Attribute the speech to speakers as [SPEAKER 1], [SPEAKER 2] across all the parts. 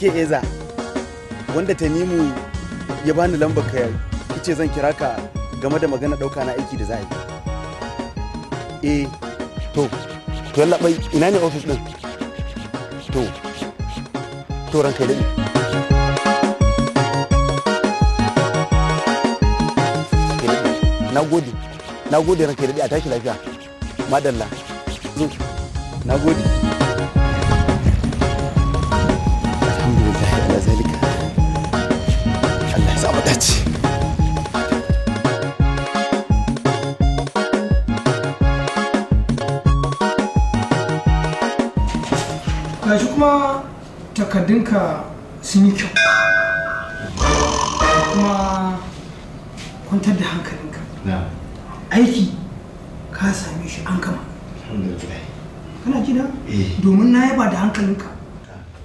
[SPEAKER 1] ke eza wanda tanimu ya bani lambar ka kice zan kira ka game da magana ɗauka na aiki da za a yi eh to to labai ina ne ofis ɗin to to ranka daɗi na gode na gode ranka daɗi a tashi lafiya madalla na gode
[SPEAKER 2] ka sun yi kyau kuma kwantar da hankalinka aiki ka same shi an gama kana gida eh. domin na yaba da hankalinka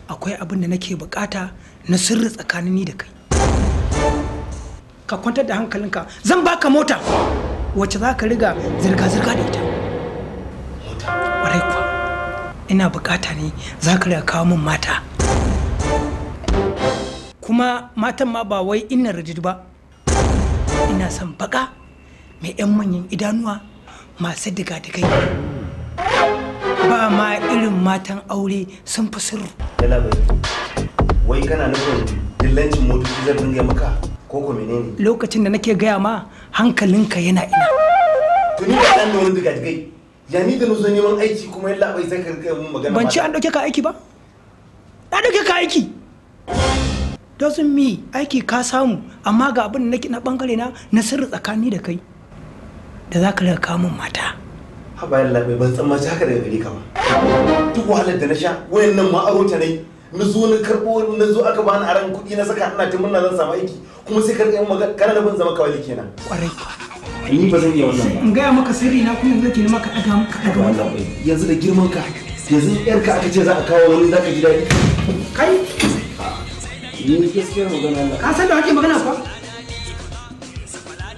[SPEAKER 2] akwai abin da nake bukata na sirri tsakanin ni da kai ka kwantar da hankalinka zan baka mota wacce za ka riga zirga-zirga da ita ina bukata ne za ka riga kawo min mata kuma matan ma ba wai ina rajid ba ina son baka mai 'yan manyan idanuwa masu diga-digai ba ma irin matan aure sun fi sirru
[SPEAKER 1] wai kana nufin dillancin motoci zan dinga maka ko ko menene
[SPEAKER 2] lokacin da nake gaya ma hankalinka yana ina tuni da dan da wani diga-digai ya ni da nuzo neman aiki kuma yalla bai sai ka
[SPEAKER 1] mun magana ban ci an
[SPEAKER 2] dauke ka aiki ba na dauke ka aiki doesn't mean aiki ka samu amma ga abin na na bangare na na sirri tsakani da kai da za ka rika min mata
[SPEAKER 1] ha bayan labai ban san mace haka daga gari ka ba duk wahalar da na sha wayannan ma aro ta ne na zo na karbo na zo aka bani aran kuɗi na saka ina tun muna zan samu aiki kuma sai ka rika yin magana kana da ban zama kawai kenan
[SPEAKER 3] kwarai ni
[SPEAKER 1] ba zan iya wannan
[SPEAKER 2] ba in gaya maka sirri na kuma zai ke maka daga maka daga
[SPEAKER 1] wannan yanzu da girman ka yanzu yarka aka ce za a kawo wani zaka ji dadi
[SPEAKER 2] kai ni gaskiyar magana Allah ka san da kake magana kuwa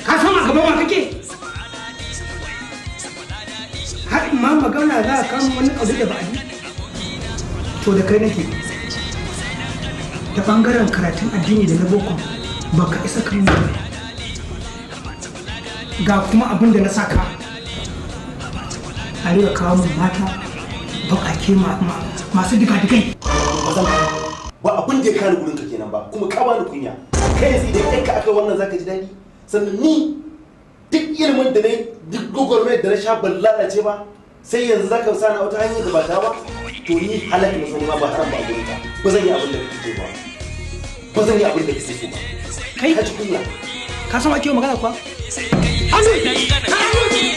[SPEAKER 2] ka san a gaba wa kake har ma magana za ka kan wani abu da ba to da kai nake ta bangaren karatun addini da na boko baka isa kan ga kuma abin da na saka a riga kawo mata bakake masu diga-digai
[SPEAKER 1] ba abin da ya kare kenan ba kuma ka bani kunya kai yanzu idan ɗanka aka wannan zaka ji daɗi sannan ni duk ilimin da na duk gwagwarmayar da na sha ban lalace ba sai yanzu zaka sa na wata hanyar da ba ta ba to ni halaka na sani ma ba haram ba gurin ba zan yi abin
[SPEAKER 3] da kake ba
[SPEAKER 1] ba
[SPEAKER 2] yi abin da kake so ba kai kunya ka san ake magana
[SPEAKER 3] Amin!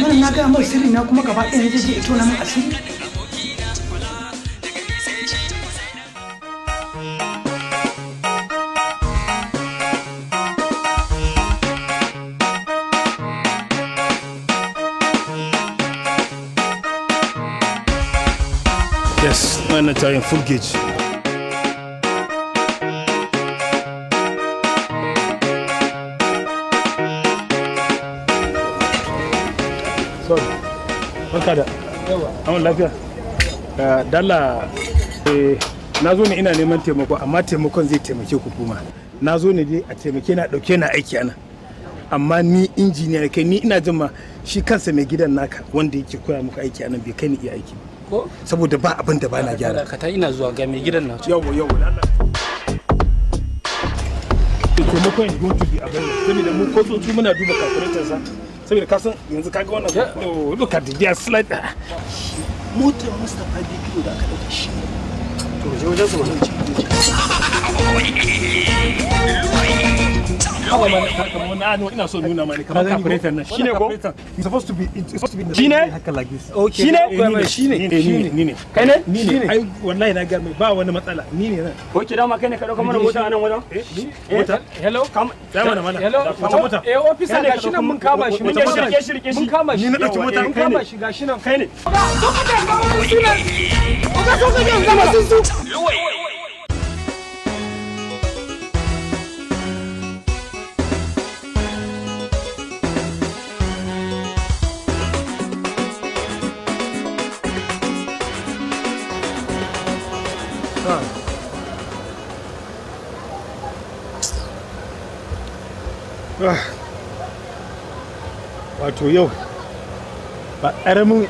[SPEAKER 2] mana na gaya mai sirri na kuma gaba ɗaya zai je ito na mun asiri
[SPEAKER 1] Yes, 9 Italian full gauge. barka da amon lafiya dala eh, na zo ne ina neman taimako amma taimakon zai taimake ku kuma na zo ne dai a taimake na dauke na aiki ana amma ni injiniya ne kai ni ina jin ma shi kansa mai gidan naka wanda yake koya muku aiki anan bai kai ni iya aiki ko saboda ba abin da bana gyara ka ta ina zuwa ga mai gidan na yawo yawo ko taimakon is go to be available saboda mu ko tsotu muna duba calculator sa saboda ka san yanzu ka ga wannan look at the slide
[SPEAKER 2] motar Mustapha Bikiyo da aka dauka shi ne to je
[SPEAKER 1] wajen su wani ina so nuna mani kamar carburetor nan shine ko it's supposed to be it's supposed to be shine haka like this okay shine shine ni ne kai ne ni ne ai wallahi na garme ba wani matsala ni ne nan okay dama kai ne ka dauka mana mota nan wajen
[SPEAKER 4] eh mota
[SPEAKER 1] hello kam dai mana mana hello mota mota eh officer gashi nan mun kama shi mun shirke shirke shi mun kama shi ni na dauki mota mun kama shi gashi nan
[SPEAKER 3] kai ne ka ka ka ka ka ka
[SPEAKER 1] ka ka ka
[SPEAKER 4] ka ka Ah.
[SPEAKER 1] wato yau ba ƙaramin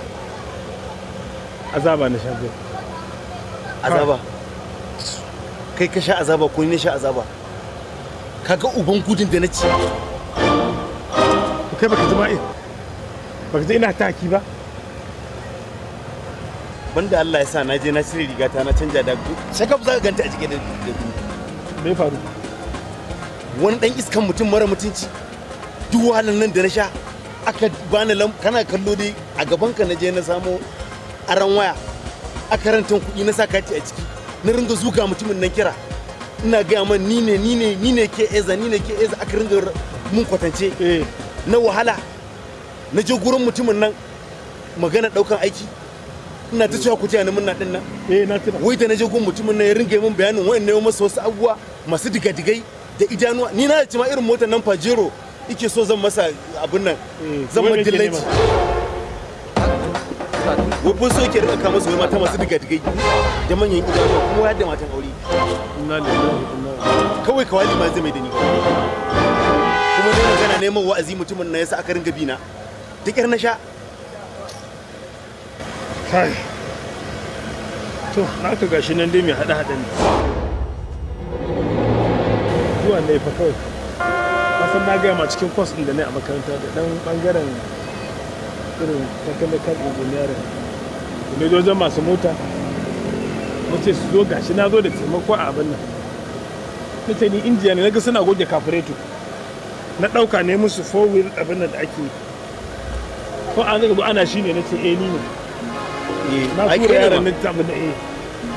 [SPEAKER 1] azaba na shafi azaba kai ka sha azaba ko ni sha azaba kaga uban gudun da na ci kai baka ji ma'i eh, baka ji ina taki ba banda Allah ya sa na je na cire riga ta na canja da sai ka za ka ganta a jike da me faru wani dan iskan mutum mara mutunci duk wahalan nan da na sha aka bani kana kallo dai a gaban ka na je na samo aran waya a karantan kuɗi na saka kati a ciki na ringa zuga mutumin nan kira ina gaya man ni ne ni ne ni ne ke eza ni ne ke eza aka ringa mun kwatance eh. na wahala na je gurin mutumin nan magana daukan aiki ina ta cewa ku ji mun na din nan eh na tuna wai da na je gurin mutumin nan ya ringa min bayanin wayan ne masa wasu abubuwa masu digadigai da idanuwa ni na ci ma irin motar nan fajero yake so zan masa abin nan eh, zan ma dillanci wai kun so ki rika kama su mata masu da manyan idanuwa kuma wayar da matan aure kawai kawali zai mai da ni kuma dai magana neman wa'azi mutumin na yasa aka ringa bina duk yar na sha kai to naka gashi nan dai mai hada hada ne zuwa ne fa kawai kasan na gaya ma cikin kwas din da ne a makaranta da dan bangaren irin technical engineering wajen masu mota mace su zo gashi na zo da taimako a abin nan na ce ni injiya ne na ga suna goge kafireto na ɗauka ne musu four wheel abin nan da ake ko an zaga ana shi ne na ce eh ni ne
[SPEAKER 4] eh, na kura yara na
[SPEAKER 1] tabi da eh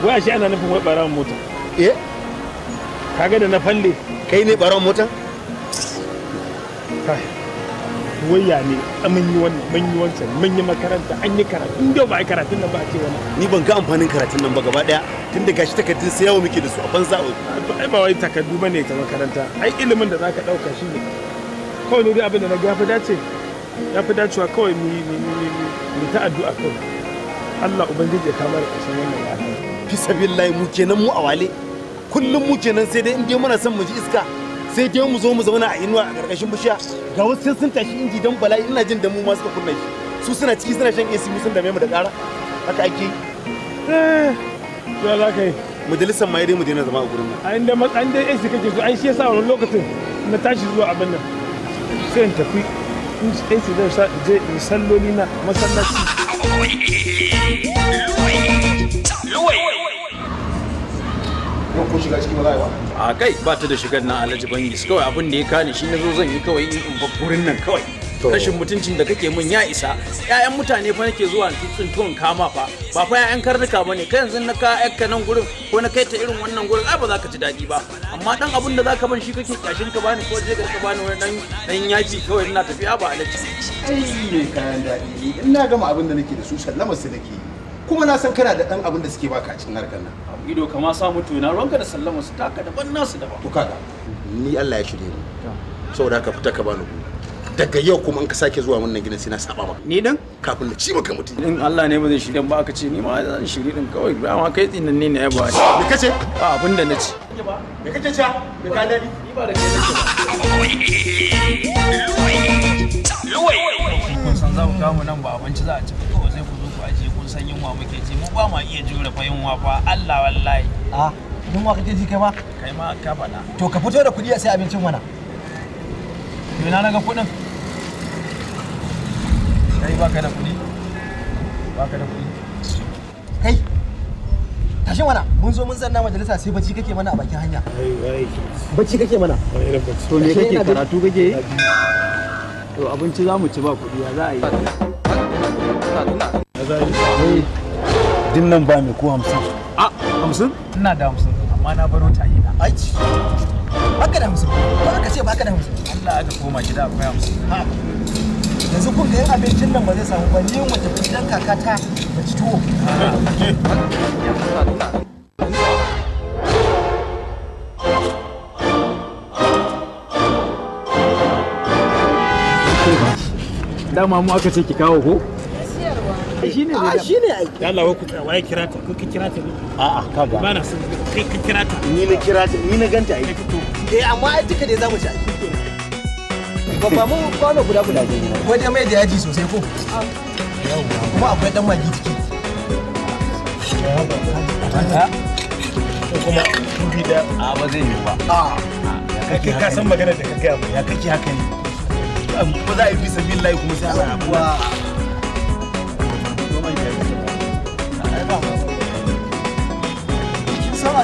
[SPEAKER 1] waya shi ana nufin wai mota eh kaga da na falle kai ne ɓaran mota kai soyayya ne a manyi wannan mun wancan manyi yi makaranta an yi karatu inda ba yi karatun nan ba a ce wani ni ban ga amfanin karatun nan ba gaba daya tun da gashi takardun sai yawo muke da su a banza ai ba wai takardu bane ta makaranta ai ilimin da zaka dauka shi ne kawai ne abin da na ga fi dace ya fi dacewa kawai mu mu ta addu'a kawai Allah ubangiji ya da ƙarshen wannan rayuwa fi sabilillahi mu kenan mu awale kullum mu kenan sai dai in dai muna son mu ji iska sai dai mu zo mu zauna a inuwa a ƙarƙashin bishiya ga wasu sun tashi inji don bala'i ina jin da mu ma suka kunna shi su suna ciki suna shan AC mu sun dame mu da ƙara haka ake eh, ya za ka yi majalisar ma dai mu daina zama a gurin nan a inda matsan dai AC kake so ai shi yasa wannan lokacin na tashi zuwa abin nan sai in tafi in AC zai je in salloli na masallaci ko shiga ba a kai ba ta da shigar na Alhaji Bangis kawai abin da ya kani shi na zo zan yi kawai in gurin nan kawai. Rashin mutuncin da kake mun ya isa. 'Ya'yan mutane fa nake zuwa tsintuwan kama fa ba fa 'ya'yan karnuka ba ne kai yanzu na ka yakka nan gurin ko na kai ta irin wannan gurin ai ba za ka ji daɗi ba amma dan abin da za ka ban shi kake kashin ka bani ko je ka bani wani dan dan yaji kawai ina tafiya ba Alhaji. Ai ne kayan daɗi ina gama abin da nake da su sallama su nake yi. kuma na san kana da dan abin da suke baka a cikin harkar nan ido kama mutu na ruwanka da sallama su taka ban nasu daban to kaga ni Allah ya shirye ni saboda ka fita ka bani ku. daga yau kuma in ka sake zuwa wannan gidan sai na saba maka ni dan kafin na ci maka mutum in Allah ne ba zai shirye ba aka ce ni ma zan shirye din kawai ba ma kai nan ne na yaba me kace ba abin da na ci me kace cha
[SPEAKER 3] me ka dadi ni ba da kai nake
[SPEAKER 1] luwai luwai
[SPEAKER 3] san za mu kawo nan ba abinci za a ci
[SPEAKER 1] san yunwa muke ci mu ba ma iya jure fa yunwa fa Allah wallahi a yunwa kake ji kai ma kai ma ka faɗa to ka fito da kuɗi a sai abincin mana to na naga kuɗin kai ba ka da ba ka da kuɗi kai tashi mana mun zo mun zanna majalisa sai bacci kake mana a bakin hanya bacci kake mana to me kake karatu kake to abinci za mu ci ba kuɗi ya za a yi din nan ba mai ko hamsin a hamsin ina da hamsin amma na baro ta yi na baka da hamsin ko aka ce baka da hamsin Allah aka koma gida akwai hamsin
[SPEAKER 2] yanzu kun ga yin abincin nan ba zai samu ba ni wata
[SPEAKER 5] fitan kakata
[SPEAKER 4] ba ci tuwo
[SPEAKER 1] dama mu aka ce ki kawo ko
[SPEAKER 2] shine ne ah, shine
[SPEAKER 1] ai ya ku waye kira ta ku ki kira ta ne a a kaga ba na son kai ki kira ta ni na kira ta ni na ganta ai eh amma ai duka dai zamu ci ai babba mu kwano guda guda ne wajen mai da yaji sosai ko kuma akwai dan magi ciki kuma bi da a ba zai yi ba ah. kake ka san magana da ka ya kake haka ne za a yi fi sabbin kuma sai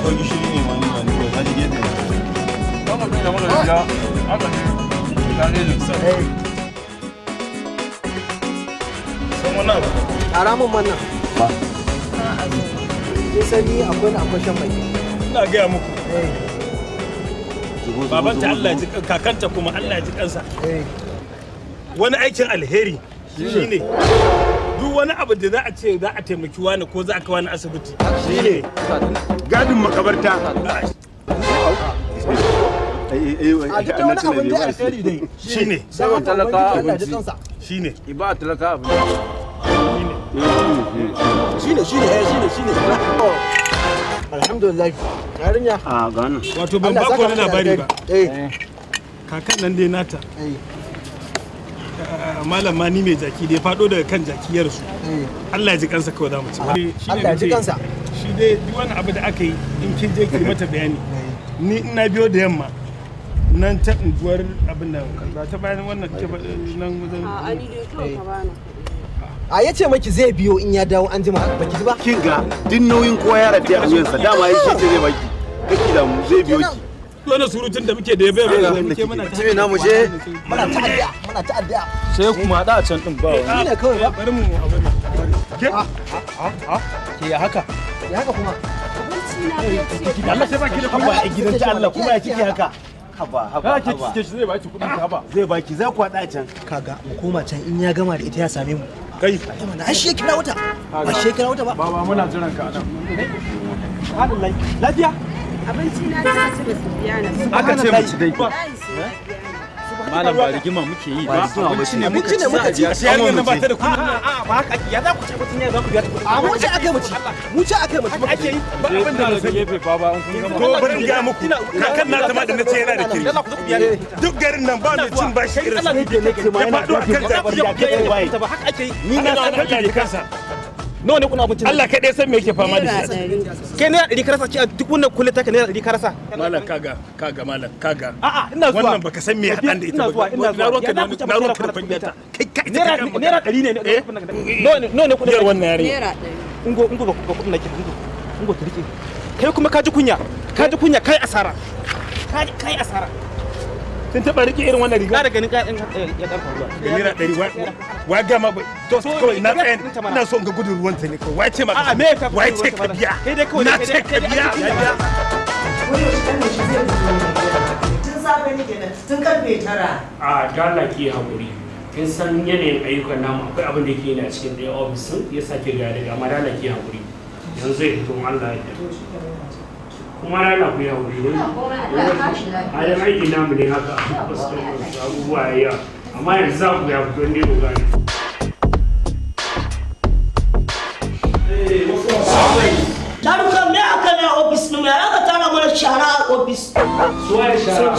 [SPEAKER 1] akwai gishiri ne ko ta da ta manna
[SPEAKER 2] ni shan mai
[SPEAKER 1] gaya babanta Allah ji kakanta kuma Allah ji kansa wani aikin alheri ne duk wani abu da za a ce za a taimaki wani ko za a kawo wani asibiti gadin makabarta wato ban ba na labari ba eh. Eh. kakan nan dai nata eh. ah, malama ni mai jaki dai fado daga kan jaki ya rasu Allah ya ji kansa kawai za mu ci shi dai duk wani abu da aka yi in kin je ki mata bayani ni ina biyo da yamma nan ta unguwar abin nan ba ta bayan wannan ke nan wajen a ni dai ka bana a ya ce maki zai biyo in ya dawo an jima baki ba kin ga din nauyin kowa ya rata a wuyansa dama ya ce zai baki kake da mu zai biyo ki wannan surutun da muke da ya bayar da muke muna ta na mu je muna ta addu'a muna ta addu'a sai kuma da a can din ba wani ne kawai ba eh, bari mu abin ke a a a ke haka ya haka kuma abinci na Allah sai baki da kuma a gidan Allah kuma ya cike haka haba haba haba ka ce zai baki kudin haba zai baki za ku hada can kaga mu koma can in ya gama da ita ya same mu kai ai shi kira wuta ba shi kira wuta ba baba muna jiran ka anan lafiya
[SPEAKER 6] abinci na da su biya na aka ce mu ci dai malam ba
[SPEAKER 7] rigima muke yi ba abinci ne muka ci muka ci sai yarin nan ba ta da kuɗi
[SPEAKER 6] a ba haka
[SPEAKER 1] ya za ku ce mutum ya za ku biya ta kuɗi a mu ce akai mu ci mu ce akai mu ci ake yi ba abin da zai
[SPEAKER 7] gefe ba ba an kun
[SPEAKER 1] gama to bari ga muku kakan na zama da nace yana da kiri duk garin nan ba mai cin bashi irin su ne ke ma yana da kiri ba haka ake yi ni na san da kansa nawa ne kuna abincin Allah kai dai san me yake fama da shi kai ne ɗari karasa ce a duk wannan kullum take ne ɗari karasa malam kaga kaga malam kaga a'a ina zuwa wannan baka san me hadan da ita ba ina zuwa ina zuwa na ruwanka da fanyata kai kai naira naira eh? ɗari ne nawa ne kuɗin wannan yare naira ɗari ungo ungo ba kuɗin nake ungo ungo ta rike kai kuma kaji kunya kaji kunya kai asara kai asara sun taba rike irin wannan riga ka ganin
[SPEAKER 2] kayan eh, ya karfa ruwa naira 100
[SPEAKER 1] wa ga ma to kawai na tsaye ina so ga gudun ruwan ta ne kawai wace ma a me ka wace ka biya na ce ka biya zai
[SPEAKER 5] tun safe ne kenan tun karfe tara.
[SPEAKER 7] a ah, dala ki hakuri kin san yanayin ayyukan namu akwai abin da yake yana cikin ɗaya ofis ya sake riga daga amma dala ki hakuri yanzu ya fito Allah ya kuma na ku ya wuri halin aiki namu ne haka wasu abubuwa ya yawa amma yanzu za ku ya fito ne ku gane
[SPEAKER 5] Tarukan me aka a ofis ɗin ya aka tara mana shara a ofis.
[SPEAKER 7] Suwa ya shara.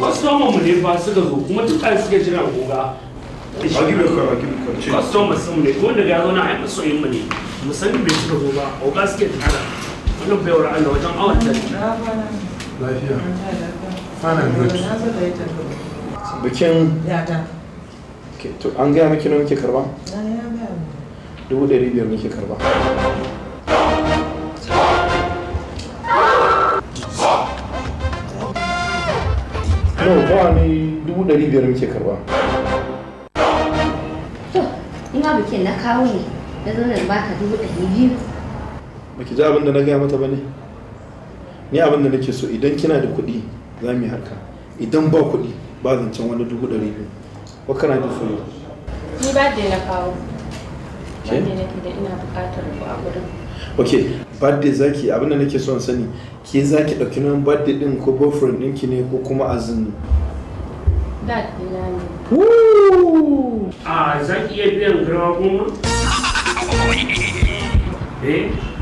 [SPEAKER 7] Wasu kama mu ne ba suka zo kuma tuka suke jira goga. Customers sun ne ko daga ya zo na ai masoyin mu ne musamman bai suka zo ba oga suke tara. Allah
[SPEAKER 4] wajen bikin
[SPEAKER 1] to an gaya miki na karba dubu ɗari biyar karba no ba ni dubu ɗari biyar karba
[SPEAKER 5] to ina bikin na kawo ne na zo na baka dubu ɗari biyu
[SPEAKER 1] baki ji abin da na gaya mata ba ne ni abin da nake so idan kina da kuɗi za mu yi harka idan ba kuɗi ba zancen wani dubu ɗari biyu wa kana da so ni
[SPEAKER 3] ba da na kawo ba da
[SPEAKER 1] nake
[SPEAKER 5] da ina buƙatar ku a gurin
[SPEAKER 1] ok birthday zaki abin da nake son sani ke zaki ɗauki nan birthday ɗin ko boyfriend ɗinki ne ko kuma azumi
[SPEAKER 5] dad
[SPEAKER 4] ina ne
[SPEAKER 7] a ah, zan iya biyan girma goma eh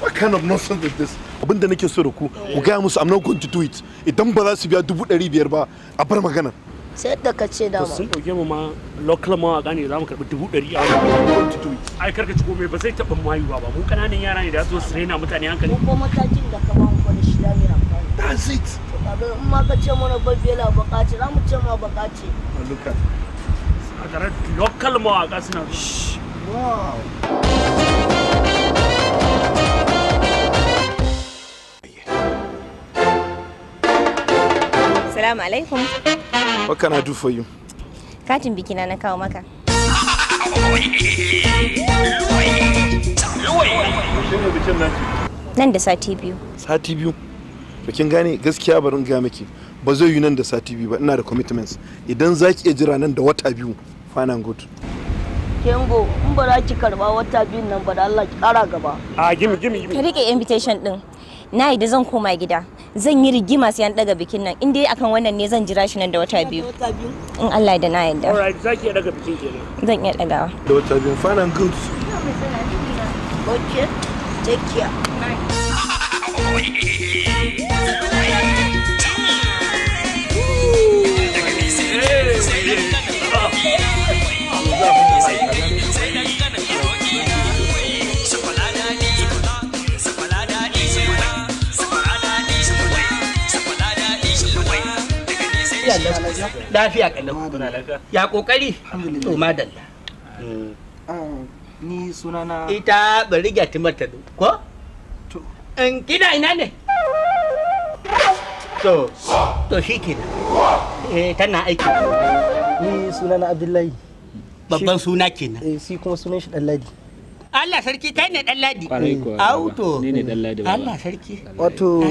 [SPEAKER 1] what kind of nonsense is this abin da nake so da ku ku gaya musu i'm not going to do it idan ba za su biya dubu ɗari biyar ba a bar magana
[SPEAKER 5] sai
[SPEAKER 7] yadda ka ce dama sun ɗauke mu ma local ma a gane za mu karɓi dubu ɗari a wani ai karka ci komai ba zai taɓa mayuwa ba mu yara ne da zo su raina mutane hankali mu ko
[SPEAKER 5] matakin da ka ba mu kwada shi da mai amfani that's it in ma ka ce mana babbela bakace za mu ce ma bakace oh,
[SPEAKER 7] luka a tare local ma a ƙasa na wow
[SPEAKER 6] Assalamu alaikum.
[SPEAKER 1] What can I do for you?
[SPEAKER 6] Katin biki na na kawo maka. Nan da sati biyu.
[SPEAKER 1] Sati biyu? Bikin gane gaskiya barin ga miki. Ba zai yi nan da sati biyu ba ina da commitments. Idan za ki iya jira nan da wata biyu, fine and good.
[SPEAKER 5] Kengo, in ba za ki karba wata biyu nan ba da Allah ki kara gaba.
[SPEAKER 7] A ah, gimi gimi gimi.
[SPEAKER 5] Ka rike invitation din. Na yi da zan koma gida. zan yi rigima sai an daga bikin nan in dai akan wannan ne zan jira shi nan da wata biyu in Allah da na
[SPEAKER 7] yarda alright zaki iya daga bikin kenan
[SPEAKER 5] zan iya dagawa
[SPEAKER 1] da wata biyu fine and good
[SPEAKER 4] okay take care
[SPEAKER 5] lafiya kallon ya kokari to madalla hmm. ah, ni sunana ita bari ga timarta ko to in kina ina ne to to shi kenan eh tana aiki ni sunana abdullahi babban suna kenan eh shi kuma sunan shi dalladi Allah sarki kai ne dan ladi. Auto.
[SPEAKER 7] Ni ne dan ladi.
[SPEAKER 2] Allah
[SPEAKER 5] sarki. Wato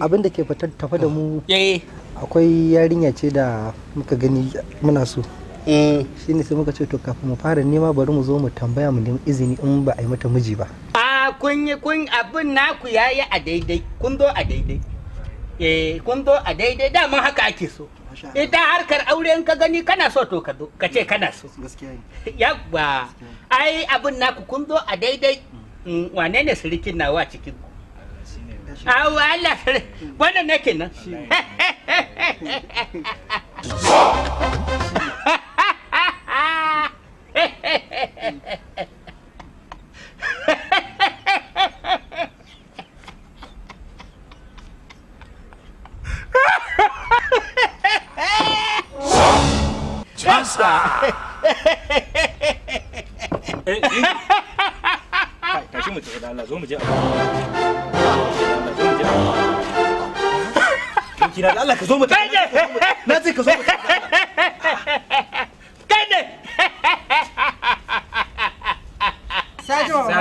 [SPEAKER 5] abin da ke
[SPEAKER 2] fitar tafa da mu. Eh. akwai yarinya ce da muka gani muna so eh. shi ne sai muka ce to kafin mu fara nema bari mu zo mu tambaya mu nemi izini in ba a yi mata miji ba
[SPEAKER 5] a kun yi kun abin naku yi a daidai kun zo a daidai eh kun zo a daidai daman haka ake so ita harkar aure in ka gani kana so to ka zo ka ce kana so yabba ai abin naku kun zo a daidai mm. mm, wane ne sirikin nawa cikin Awo Allah sare wannan nake nan. Eh, eh. Tashi mu tafi da Allah zo mu je a kina da Allah ka zo mu kai na ce ka zo mu kai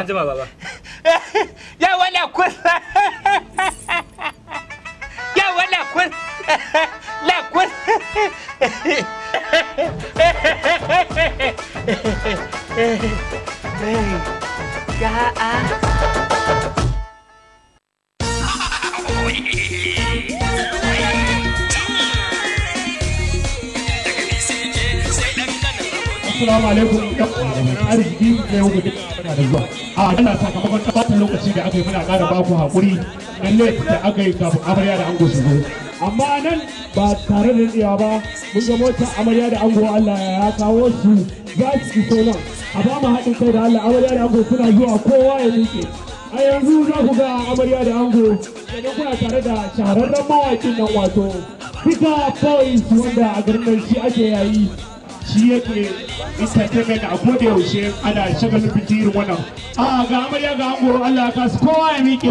[SPEAKER 5] ne baba ya wala kun ya wala kun la kun
[SPEAKER 4] ga a
[SPEAKER 7] assalamu alaikum arziki yau gobe da zuwa a sakamakon tabbatar lokaci da aka yi muna ƙara baku haƙuri na da aka yi kafin amarya da ango su zo amma nan ba tare da riya ba mun ga motar amarya da ango Allah ya kawo su za su so nan a ba mu haɗin kai da Allah amarya da ango suna zuwa kowa ya miƙe a yanzu za ku ga amarya da ango da kuna tare da shahararren mawaƙin nan wato Pika Boys wanda a garin shi ake yayi shi yake entertainment a koda yaushe ana shagalin bijirin wannan a ga amarya ga angoro Allah ya kowa ya miƙe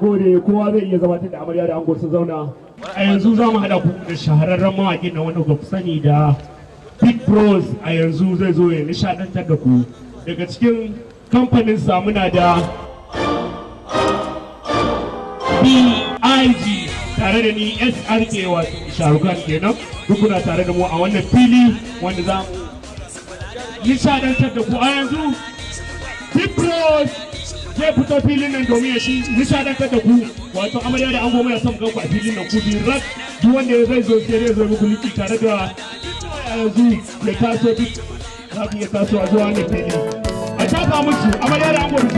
[SPEAKER 7] gode kowa zai iya zama da amarya da ango sun zauna a yanzu za mu haɗa ku da shahararren mawaƙi na wani ku sani da big bros a yanzu zai zo ya nishaɗantar da ku daga cikin kamfanin samuna da BIG tare da ni SRK wato Sharukan kenan dukuna tare da mu a wannan fili wanda za mu nishadantar da ku a yanzu Dipros zai fito filin nan domin ya shi nishadantar da ku wato amarya da ango ya samu ku a filin nan ku biyu rak duk wanda zai zo sai zai zo muku liki tare da yanzu ya taso duk za ku iya tasowa zuwa wannan to
[SPEAKER 4] a tafa musu amarya da angon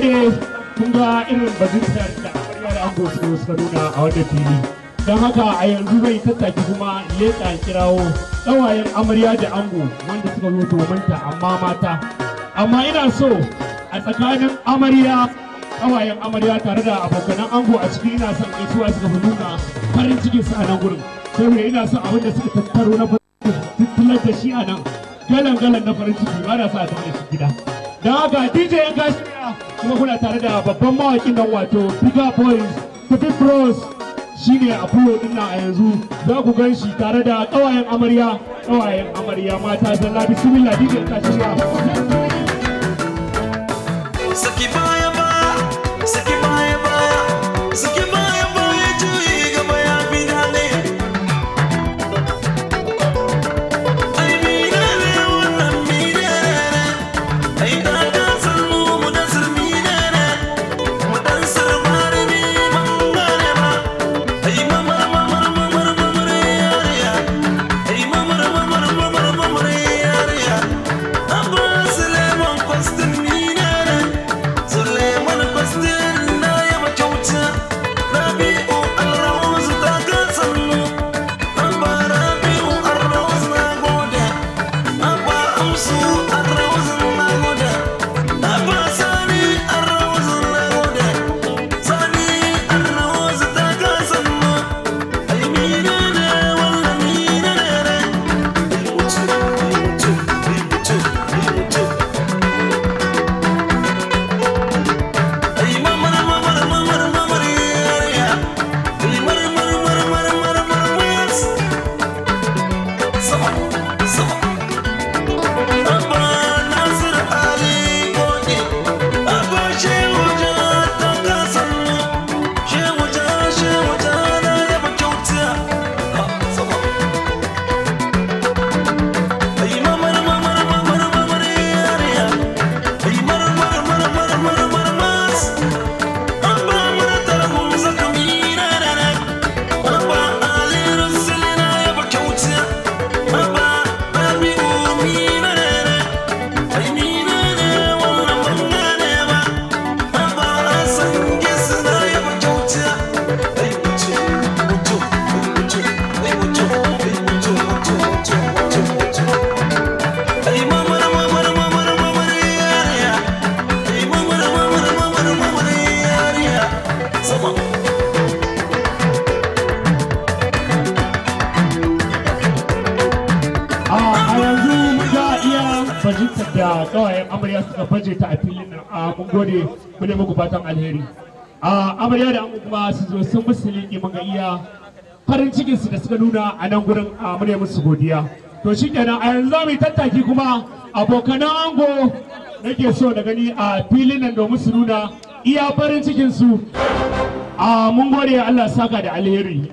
[SPEAKER 7] gode kun ga irin bazitar da amarya da ango su suka nuna a wannan fili don haka a yanzu zai tattaki kuma leƙa kirawo ƙawayen amarya da ango wanda suka zo domin ta amma mata amma ina so a tsakanin amarya ƙawayen amarya tare da abokanan ango a cikin ina son gaisuwa suka fi nuna farin cikin su a nan gurin saboda ina son abin da suka tattaro na tattalin da shi a nan galan galan na farin ciki ba da sa a tafi da shi gida don haka dj ya gashi jama'a kuma kuna tare da babban mawakin nan wato bigger boys big bros shine a fulo din nan a yanzu za ku gan shi tare da ƙawayen amarya ƙawayen amarya mata zalla bismillah dj ta shirya a nan gurin musu godiya to shi a yanzu mu tattaki kuma abokanan ango nake so da gani a filin nan domin su nuna iya farin cikin su a mun gode Allah saka da alheri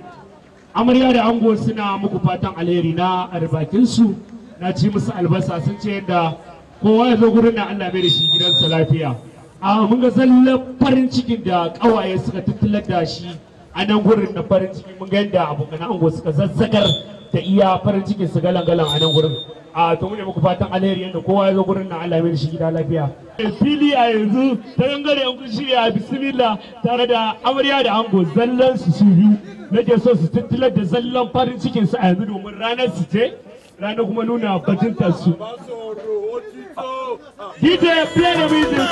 [SPEAKER 7] amarya da ango suna muku fatan alheri na arbakin su na ci musu albasa sun ce yadda kowa ya zo gurin nan Allah bai da shi gidansa lafiya a mun ga zallan farin cikin da kawaye suka tattalar da shi a nan gurin na farin ciki mun ga yadda abokan ango suka zazzakar da iya farin cikin su galan a nan gurin a to mune muku fatan alheri yadda kowa ya zo gurin na Allah mai shi gida lafiya eh, fili a yanzu ta gangare an kushi a bismillah tare da amarya da ango zallan su su biyu nake so su tattilar da zallan farin cikin su a yanzu domin ranar su ce ranar kuma nuna bajinta su DJ
[SPEAKER 4] play the music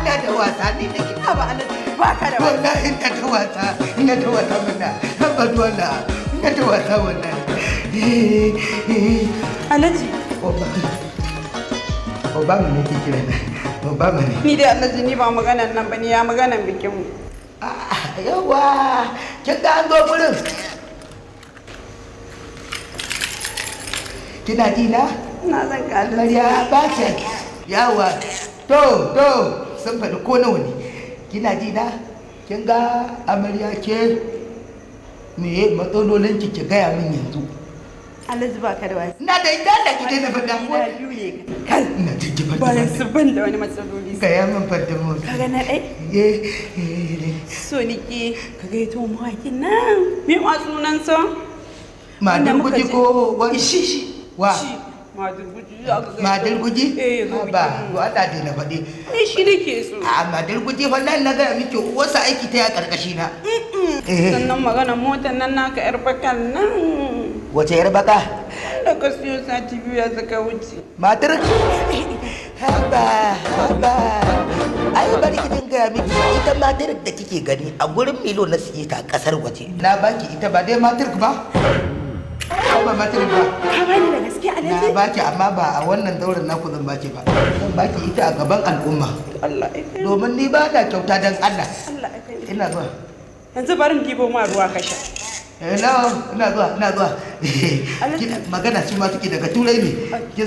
[SPEAKER 5] Allah da wasa ni da kika ba Allah ba ka da wallahi ina da wasa ina da wasa mana ba dole ina da wasa wannan Alhaji Obama Obama ne ke kira na Obama ne ni dai Alhaji ni ba maganan nan bane ya maganan bikin mu ah, yawa kin ga an zo gurin kina ji na ina zan kalli ya bace ce yawa to to sun faɗi ko nawa ne kina ji da kin ga amarya ke ne matsalolin ki ki gaya min yanzu Allah zuba ka da wasu. Na da ita da ki daina fada. Ina yuye ka. Kan na jijji fada. Bayan su ban da wani matsaloli. Ka ya min fada mu. Ka ga na dai.
[SPEAKER 4] Eh.
[SPEAKER 6] So ni ke ka ga ito mawaƙin nan. Me ma sunan
[SPEAKER 5] so? son?
[SPEAKER 4] Madan kuɗi ko
[SPEAKER 5] wani? Shi shi. Wa. madar guji eh, ba ko Allah dai na faɗi ne eh, shi nake so a madar guji fa nan na ga miki uwarsa aiki ta ya karkashi na eh. sannan magana motar nan naka yar bakan nan wace yar baka da ka siyo sati biyu ya saka wuce matar haba haba ai bari ki dinga miki ita matar da kike gani a gurin milo na siye ta kasar waje na baki ita ba dai matar ba ba matrib ba ka bani da gaske na baki amma ba a wannan daurin naku zan baki ba zan baki ita a gaban al'umma Allah domin ni ba ta kyauta dan Allah Allah ina zuwa yanzu bari mu dibo ma ruwa kasha eh, ina zuwa, ina zuwa. Magana su ma daga turai ne.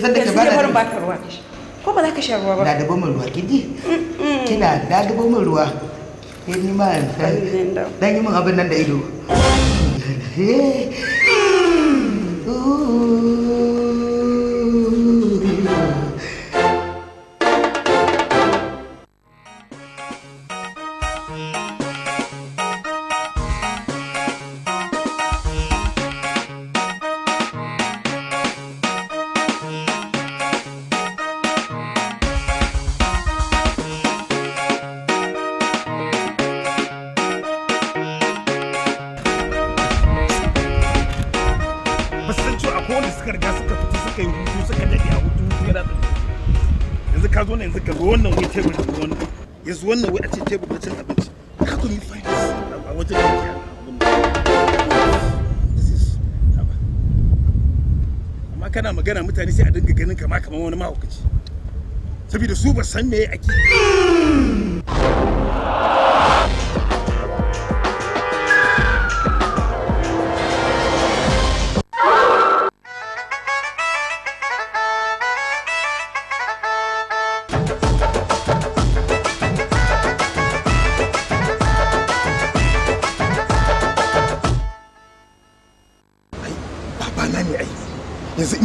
[SPEAKER 5] san da ke Yanzu ruwa kasha. Ko ba za ka sha ruwa ba? Na da bamin ruwa, Kina da da bamin ruwa. Sai ni ma dan yi min abin nan da ido.
[SPEAKER 4] Eh. Ooh.
[SPEAKER 1] sabida su ba san me ake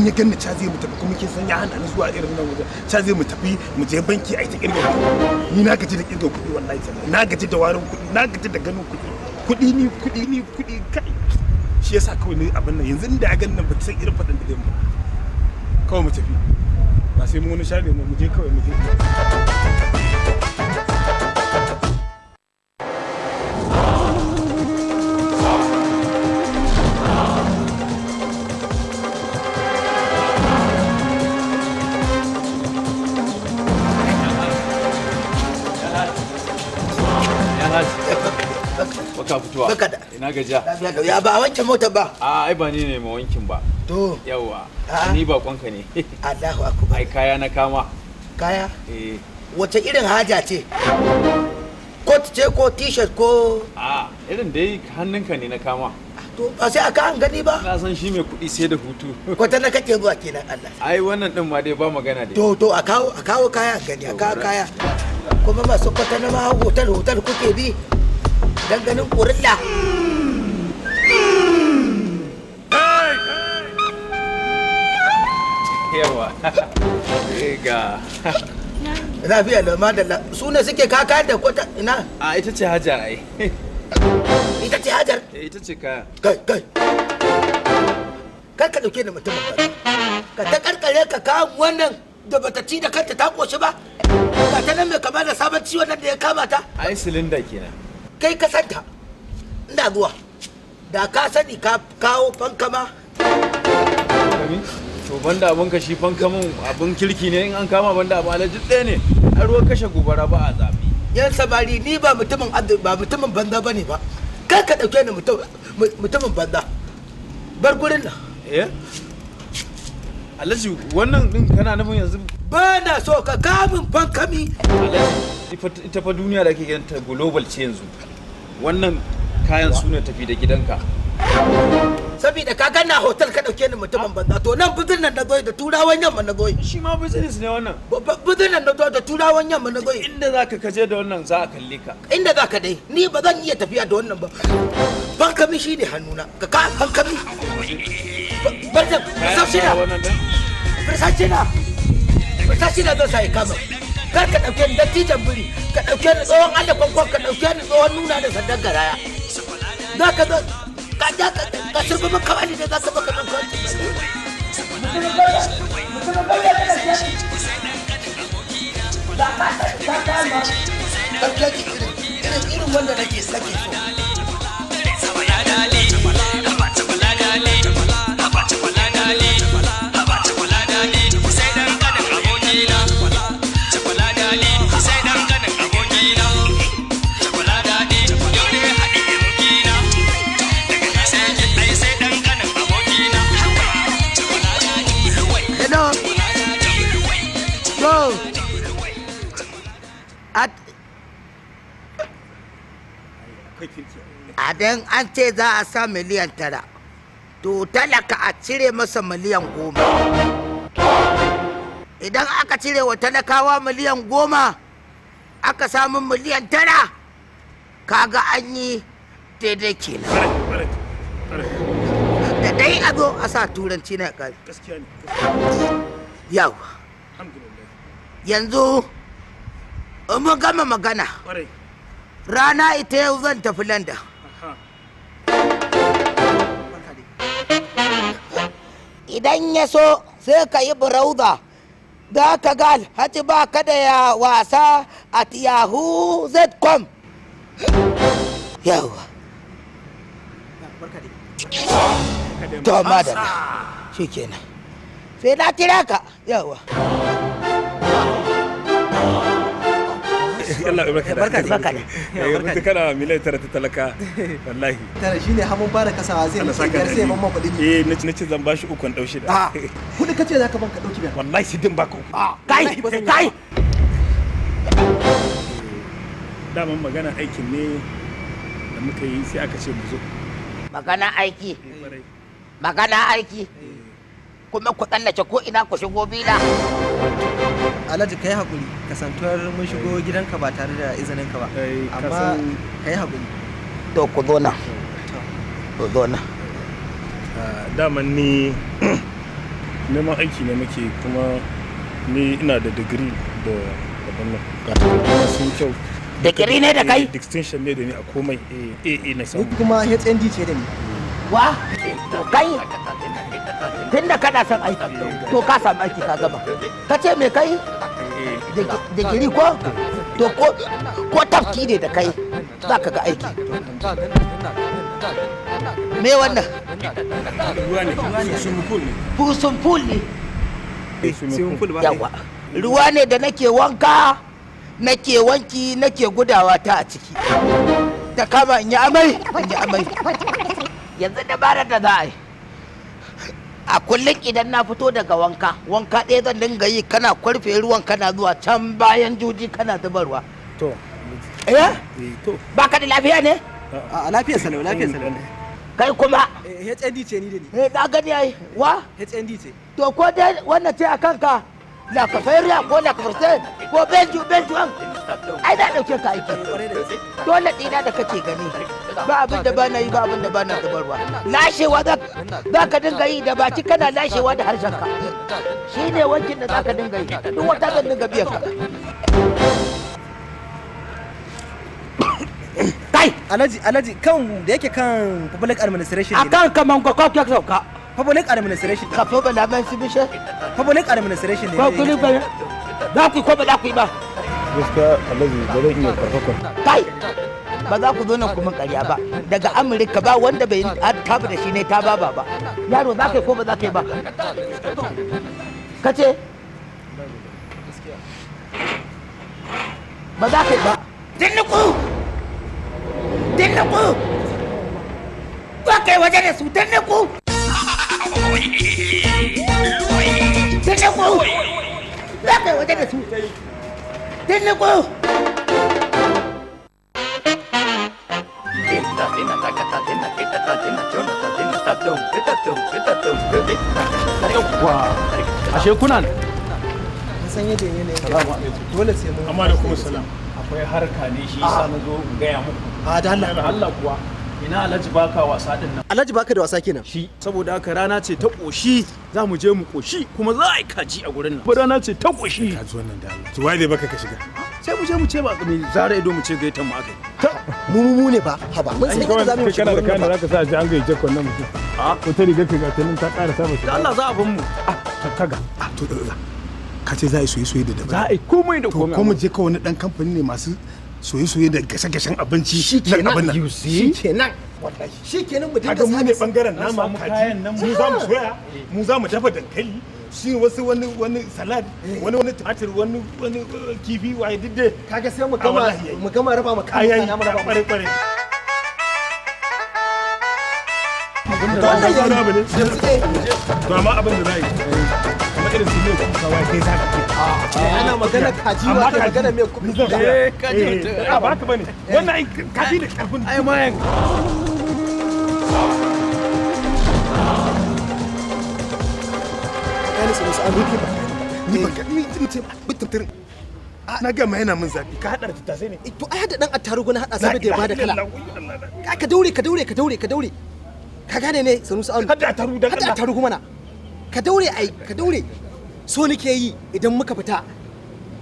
[SPEAKER 1] ya ganna ca zai mu tafi kuma kin san ya hana ni zuwa irin nan wajen ca zai mu tafi mu je banki a ita kirga ni na gaji da kirga kuɗi wallahi tallahi na gaji da warin kuɗi na gaji da ganin kuɗi kuɗi ni kuɗi ni kuɗi kai shi yasa kawai ni abin nan yanzu inda ya nan ba ta san irin faɗin da zai mu kawai mu tafi ba sai mu wani sha ne mu je kawai mu je
[SPEAKER 5] mutuwa baka da ina gajiya ya ba wanke motar ba a ai ba ni ne ma wankin ba
[SPEAKER 3] to yawa
[SPEAKER 5] ni bakonka ne Allahu akbar ai kaya na kama kaya eh wace irin haja ce kot ce ko t-shirt ko a irin dai hannunka ne na kama to ba sai aka an gani ba na san shi mai kuɗi sai da hutu kwata na kake zuwa kenan Allah ai wannan din ma dai ba magana dai to to a kawo a kawo kaya gani a kawo kaya kuma masu kwata na ma hotel hotel kuke bi don ganin kurilla yawa ga lafiya da madalla su ne suke kaka da kwata ina a ita ce hajar ai ita ce hajar eh, ita ce kaya kai kai kar ka dauke da mutumin ba ka ta karkare ka kawo wannan da bata ci da kanta ta koshi ba ka ta nan mai kama da sabon ciwon nan da ya kama ta ai silinda kenan kai ka santa ina zuwa da ka sani ka kawo fanka ma
[SPEAKER 1] to banda abin ka shi fanka mun
[SPEAKER 5] abin kirki ne in an kama banda abu alaji ɗaya ne a ruwan kashe gobara ba a zabi yan sabari ni ba mutumin ba mutumin banza bane ba kai ka dauke ni mutumin banza bar gurin nan eh alhaji wannan din kana
[SPEAKER 1] nufin yanzu ba na so ka kamun fankami ita fa duniya da ake yanta global ce yanzu wannan kayan suna tafi da gidanka
[SPEAKER 5] saboda kakan na hotel ka dauke ni mutumin banza to nan bizin nan na da turawan yamma na goyi shi ma business ne wannan bizin nan na goyi da turawan yamma na goyi inda zaka kaje da wannan za a kalle ka inda zaka dai ni ba zan iya tafiya da wannan ba bankami shi ne hannuna ka ka hankami barzan sashina na. sashina zan sa kama kar ka dauke ni dattijan buri. ka dauke ni tsohon allah kwankwan ka dauke ni tsohon nuna da sandan garaya za ka zo ka ja ka shirgo min kawali ne za ka zo ka ɗan kawali irin irin wanda nake sake so a don an ce za a sa miliyan tara to talaka a cire masa miliyan goma idan aka cire wa talakawa miliyan goma aka samu miliyan tara kaga an yi daidai ke da dai a zo a sa turanci na ƙari yau yanzu in gama magana rana ita yau zan tafi landa. idan ya so sai ka yi burauza za ka ga alhaji ba ka da ya wasa at yahoo zcom yawa to madalla shi kenan sai na kira ka yawa Allah barka da barka barka
[SPEAKER 1] da eh, ya kana miliyan tara ta talaka wallahi tara shine fara zai eh nace da ah, kuɗi ban ka dauki wallahi sidin baka uku ah, kai kai dama magana aikin ne da muka aka ce mu
[SPEAKER 5] magana aiki eh, magana aiki eh. kuma ku tsallace ko ina ku shigo bila
[SPEAKER 1] alhaji ka kai hakuri kasantuwar mun shigo eh. gidanka ba tare da izinin eh, ka ba amma
[SPEAKER 5] ka yi haƙuri to ku zo na ku zo na
[SPEAKER 1] ah, daman ni neman aiki ne muke kuma ni ina da digiri da daban nan ga sun kyau digiri ne da eh, kai distinction ne da ni a komai eh na samu kuma HND ce da ni wa
[SPEAKER 5] kai tunda kana son aiki to ka samu aiki ka gama ka ce me kai digiri ko to ko tafki ne da kai za ka ga aiki me wannan fusun pool ne eh, ruwa ne da nake wanka nake wanki nake gudawa ta a ciki ta kama in yi amai in yi amai yanzu dabarar da za a yi a kullum idan na fito daga wanka wanka ɗaya zan dinga yi kana kwarfe ruwan kana zuwa can bayan juji kana zubarwa to eh, eh to ba ka da lafiya ne
[SPEAKER 1] a lafiya salau lafiya salau
[SPEAKER 5] kai kuma HND eh, ce ni da ni eh da gani ai wa HND ce to ko dai wannan ce akan ka la kafariya ko la kafarsan ko belju beljuwan ai na dauke ka aiki dole dina da kake gani ba abin da bana yi ba abin da bana zubarwa lashewa za ka dinga yi da baki kana lashewa da harshen ka shine wankin da zaka dinga yi duk wata zan dinga biyan ka
[SPEAKER 1] kai Alhaji alaji kan da yake kan public administration akan kaman
[SPEAKER 5] ka kwakwa sauka public administration ka fobe laban su bishe public administration ne ba ku ba za ku ko ba za ku yi ba
[SPEAKER 1] gaskiya alaji ba zan iya karfafa
[SPEAKER 5] kai ba za ku zo nan kuma ƙarya ba daga amurka ba wanda bai tabu da shi ne ta ba ba yaro za ka yi ko ba za ka yi ba ka ce ba za ka yi ba tinnuku tinnuku ba ka yi waje da su tinnuku da shago za ka
[SPEAKER 2] ashe kuna ne
[SPEAKER 1] san yadda ne ne dole sai mun amma da kuma salam akwai harka ne shi yasa na zo gaya muku a da Allah Allah kuwa ina alhaji baka wasa din nan alhaji baka da wasa kenan shi saboda haka rana ce ta koshi za mu je mu koshi kuma za a yi kaji a gurin nan rana ce ta koshi ka zo nan da Allah to dai baka ka shiga sai mu je mu ce ba mu zara ido mu ce gaitan mu aka mu mu ne ba haba mun sai ka zamu shiga kana da kana zaka sa ji an gaice kon nan mu a ko ta riga ga ta nan ta ƙara sa mutum Allah za a bin mu a kaga a to ka ce za a yi soyayya da dabara za a yi komai da komai ko mu je ka wani dan kamfani ne masu soye-soye da gashe-gashen abinci na abin nan shi kenan wallahi kenan mu dinga mu ne bangaren nama kaji mu za mu soya eh. mu za mu dafa dankali shi wasu wani wani salad eh. wani wani tumatir wani wani uh, kifi waye didde kaga sai mu gama mu gama raba mu kayan mu raba kware kware to amma abin da zai yi zama irin su ne kuka wai kai za ka ah, eh, ana magana kaji ba ta magana mai kuɗi eh, eh kaji eh, a ba ka bane wannan ai kaji da karfin ai mayan kana su abuki ba ni ba ni ni ce bitir na gama yana min zafi ka hada da tattasai ne to ai hada dan
[SPEAKER 5] attarugu na hada saboda ya bada
[SPEAKER 4] kala
[SPEAKER 5] ka daure ka daure ka daure ka daure ka gane ne sanusi alu hada attarugu dan Allah hada attarugu mana ka daure ai ka daure so nake yi
[SPEAKER 1] idan muka fita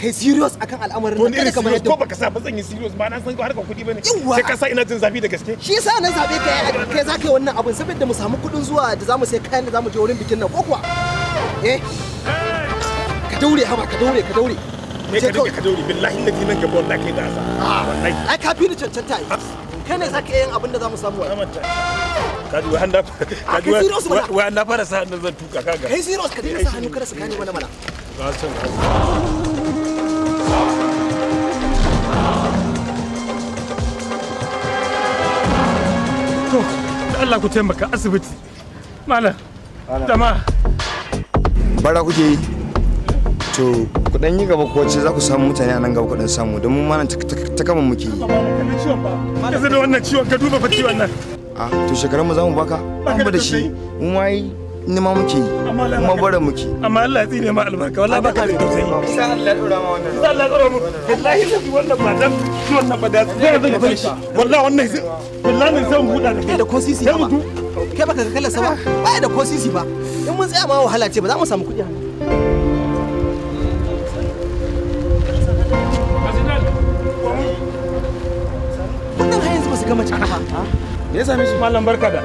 [SPEAKER 1] kai serious akan al'amarin nan kada kamar yadda ko baka sa ba zan yi serious ba na san ko harkar kuɗi bane sai ka sa ina jin zafi da gaske shi yasa na zabe kai kai za ka yi wannan abin saboda mu samu kuɗin zuwa da zamu sai kayan da zamu je wurin bikin nan ko kuwa eh ka daure haba ka daure ka daure me ka daure ka daure billahi nan gaba wallahi kai da asa ah. wallahi ai ka fi ni cancanta kai ne zaka yin abin da zamu samu wai ah, kaji wai wanda fara sa hannun zan tuka kaga kai serious ka sa hannu kada su kane mana mana san to Allah ku taimaka asibiti mala jama'a bara kuke yi to kudin yi gaba ko ce za ku samu mutane a nan gaba kudin samu don mun ta kama muke yi da wannan ciwon ka duba fa ciwon a to shekarun za mu baka an ba da shi mu ma yi nima muke yi kuma bara muke amma Allah ya tsine ma albarka wallahi baka da tausayi insha Allah ya dora ma wannan insha Allah ya dora mu wallahi wannan ba dan ba da zai zai shi wallahi wannan wallahi ne sai mu huda da kai da ko sisi ba kai baka ga sa ba ba da ko sisi ba in mun tsaya ma wahala ce ba za mu samu kuɗi shiga mace kafa me yasa mallam barka da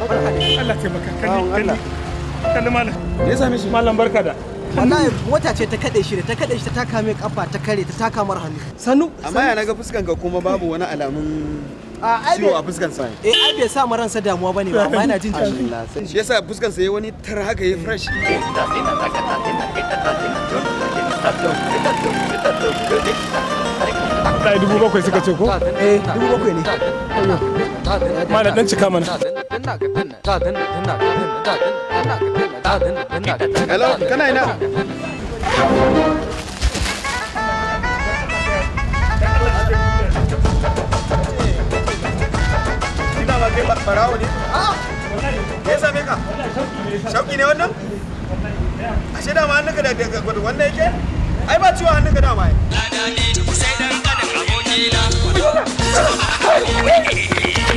[SPEAKER 1] Allah taimaka kalli kalli mallam me yasa same mallam barka da
[SPEAKER 2] wallahi mota
[SPEAKER 1] ce ta kade shi ta kade shi ta taka mai kafa ta kare ta taka mar hannu sanu amma ya naga fuskan ka kuma babu wani alamun ciwo a fuskan sa eh ai bai sa maransa damuwa bane ba amma yana jin jiki shi yasa fuskan sa yayi wani tar haka yayi fresh ta ta ta ta ta ta ta ta ta ta ta ta ta ta
[SPEAKER 4] ta ta ta ta ta
[SPEAKER 1] ɗaya dubu bakwai suka ce ko? eh dubu bakwai ne
[SPEAKER 4] da ɗan cika mana hello kana ina
[SPEAKER 1] Shauki ne wannan? Ashe dama hannunka da wannan
[SPEAKER 4] yake? Ai ba ciwo hannunka dama ai. 我操！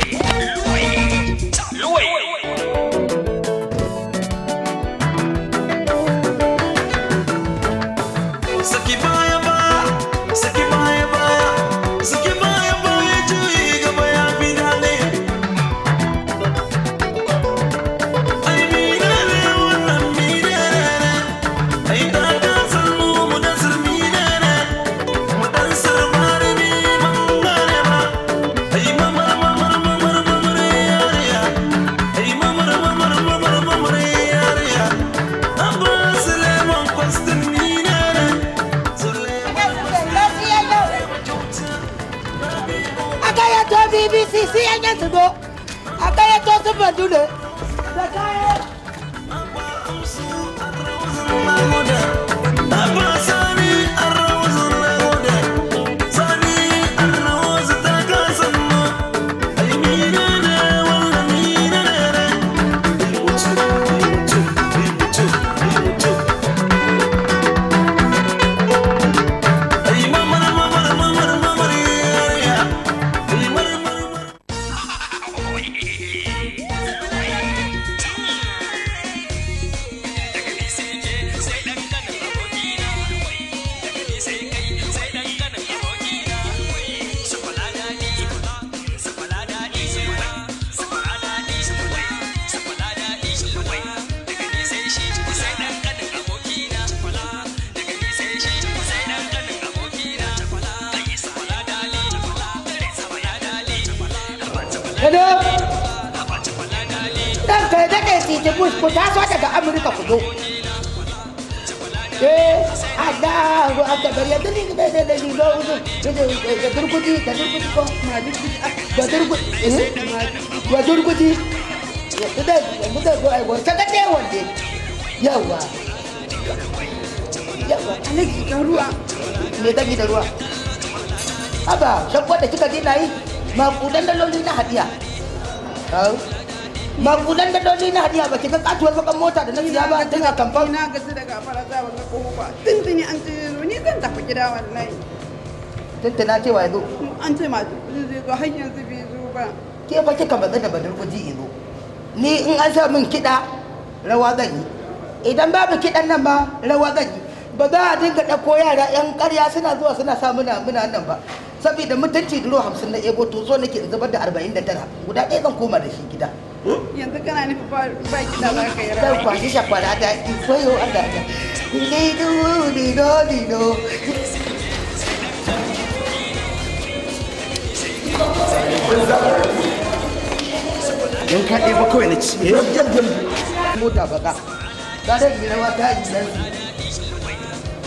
[SPEAKER 5] ti yang cocok tó ti na yi makudan daloli na hadiya makudan daloli na hadiya ba ki ga katuwar mota da na siya ba tana kamfan na daga an ce ni zan tafi gida wallahi tuntuna ba ke fa kika da badar ni in an sa min kiɗa rawa zan yi idan babu kiɗan nan ba rawa zan yi ba za a dinga ɗauko yara yan ƙarya suna zuwa suna sa muna muna nan ba saboda mutunci duro hamsin na ego to so nake in zubar da arba'in da tara guda ɗaya zan koma da shi gida
[SPEAKER 6] yanzu kana nufi
[SPEAKER 5] ba gida ba ka yi rawa zan kwashi shakwara ta in koyo Allah ta dido dido dido don ba kawai na ci eh? mota baka ta da gina wata yi nan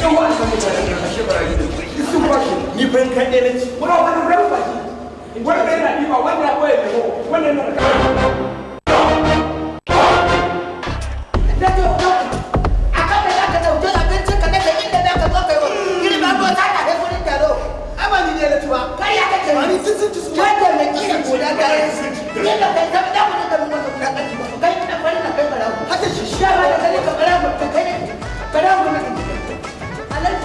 [SPEAKER 4] yan wa san mutanen
[SPEAKER 1] da kashe ni na ci wani wani ran wa wanda yana ɗiba yana da
[SPEAKER 5] Hata shi shi ya da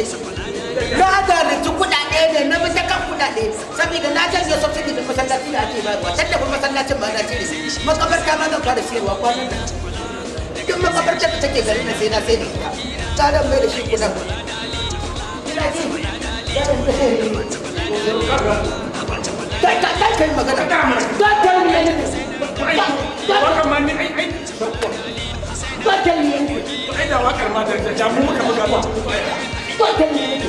[SPEAKER 5] kai su na zalunci kuɗaɗe ne na bisa kan kuɗaɗe saboda na canje subsidy da masallaci da ake bayarwa tallafa masallacin ma na cire makabarta ma zan fara siyarwa kwanan nan duk da take garin na sai na sai da ita tsarin mai da shi kai magana ta yi ma ba
[SPEAKER 7] ta yi ne da wakar ma ba quá cái gì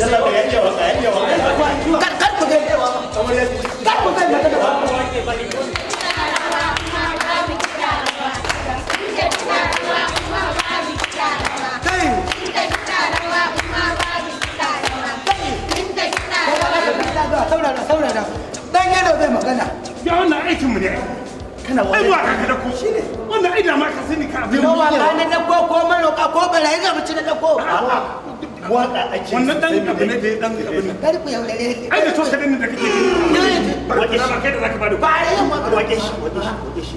[SPEAKER 4] Yalla tekan jawab, tekan jawab.
[SPEAKER 7] Cut, cut bagian jawab. Kemudian cut bagian mereka jawab.
[SPEAKER 5] Saudara, saudara, tanya dong magana. Jangan nak itu mana. kana wani ka wannan ma ka sani ka abin da na dako ko maloka
[SPEAKER 1] ko barayi na dako a ake wannan ne dan abu ne kar ku ai da din da kake na da zaka bada ba ma wake shi wake shi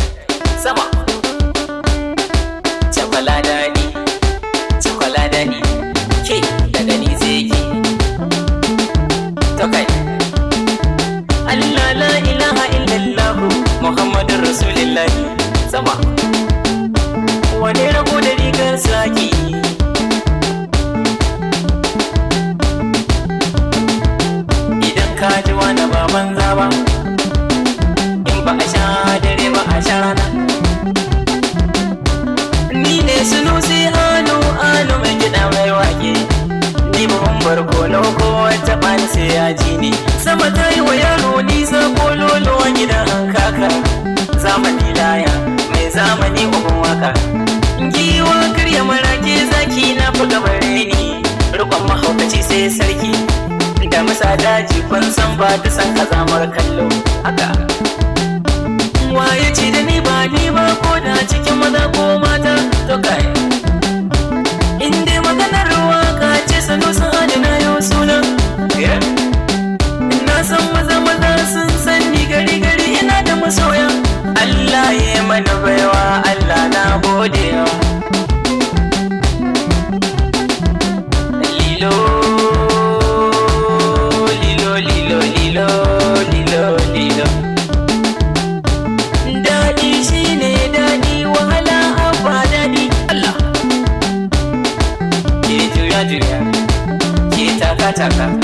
[SPEAKER 6] ni sama lai sama wane rago da rigar saki idan ka ji wani baban zaba in ba a sha dare ba a sha rana ni ne sunusi hannu hannu mai gida mai wake ni babban barkono ko wata ɓani sai yaji ne sama ta yi wa yaro nisa ko lolo gidan kakar. zamani laya mai zamani uban waka giwa karya marake zaki na buga bare ni rikon mahaukaci sai sarki da masa daji kun san ba ta san kazamar kallo haka waye ce da ni ba ni ba ko da cikin maza ko mata to kai in maganar waka ce sanu sun adana yau suna na san maza maza sun san gari gari ina da masoya baiwa Allah na gode lilo
[SPEAKER 4] lilo lilo lilo lilo lilo Dadi
[SPEAKER 6] shine dadi wahala abba dadi Allah Ki juya juya ki taka taka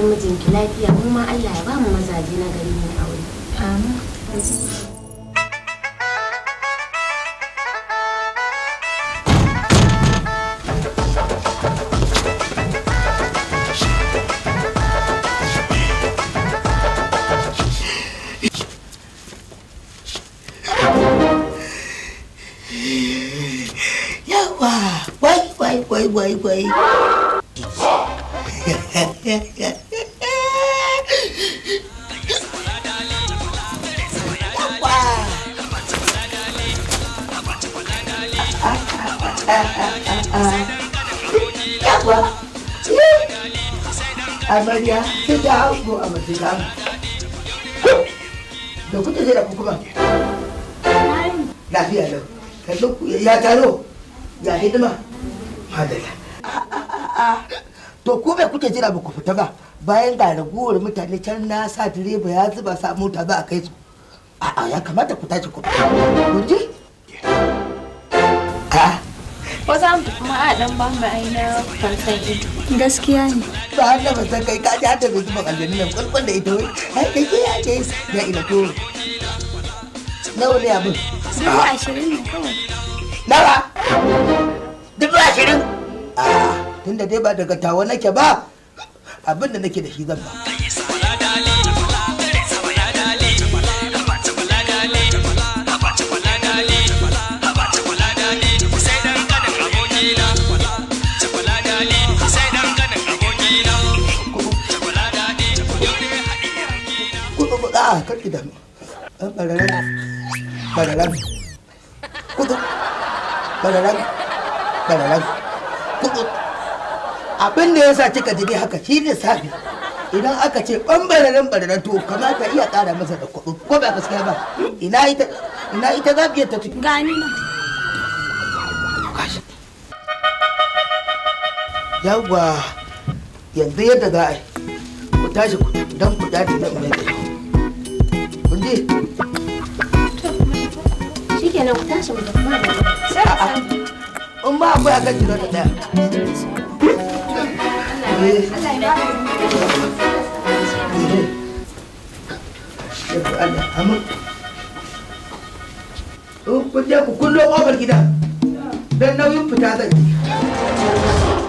[SPEAKER 5] gidan mijinki lafiya mu ma Allah ya ba mu mazaje na gari mace ta da kuke kuma lafiya lau kallo ya taro ga hidima madalla to ko bai kuke jira ba ku fita ba bayan da ragowar mutane can na sa direba ya zuba sa mota ba a kai su a'a ya kamata ku tashi ku fita kun wajen ma'adan ba mu aina farkon ido gaskiya ne ba har da bazan kai ka ta bai kuma aljani nan kwalkwal da ita wai har da ke ya ce ya ina to? nawa ne abin dubu ah.
[SPEAKER 4] ashirin ne kawai
[SPEAKER 5] nawa dubu ashirin a ah, tunda dai ba daga tawa nake ba abin da nake da shi zan ba a'a ah, kar ki damu ah, bararan bararan kudu bararan bararan kudu abin da ya sa kika ji haka shi ne safi idan aka ce ɓanɓararen ɓararen to kamata iya ƙara masa da kuɗi ko ba gaskiya ba ina ita ina ita za ta ciki gani na yawwa yanzu yadda za a yi ku tashi ku dan ku dadi na mai Shikenan ku tashi mu tafi Sai a in ba akwai akan da daya.
[SPEAKER 4] ku kullo kofar gida don nauyin fita zai.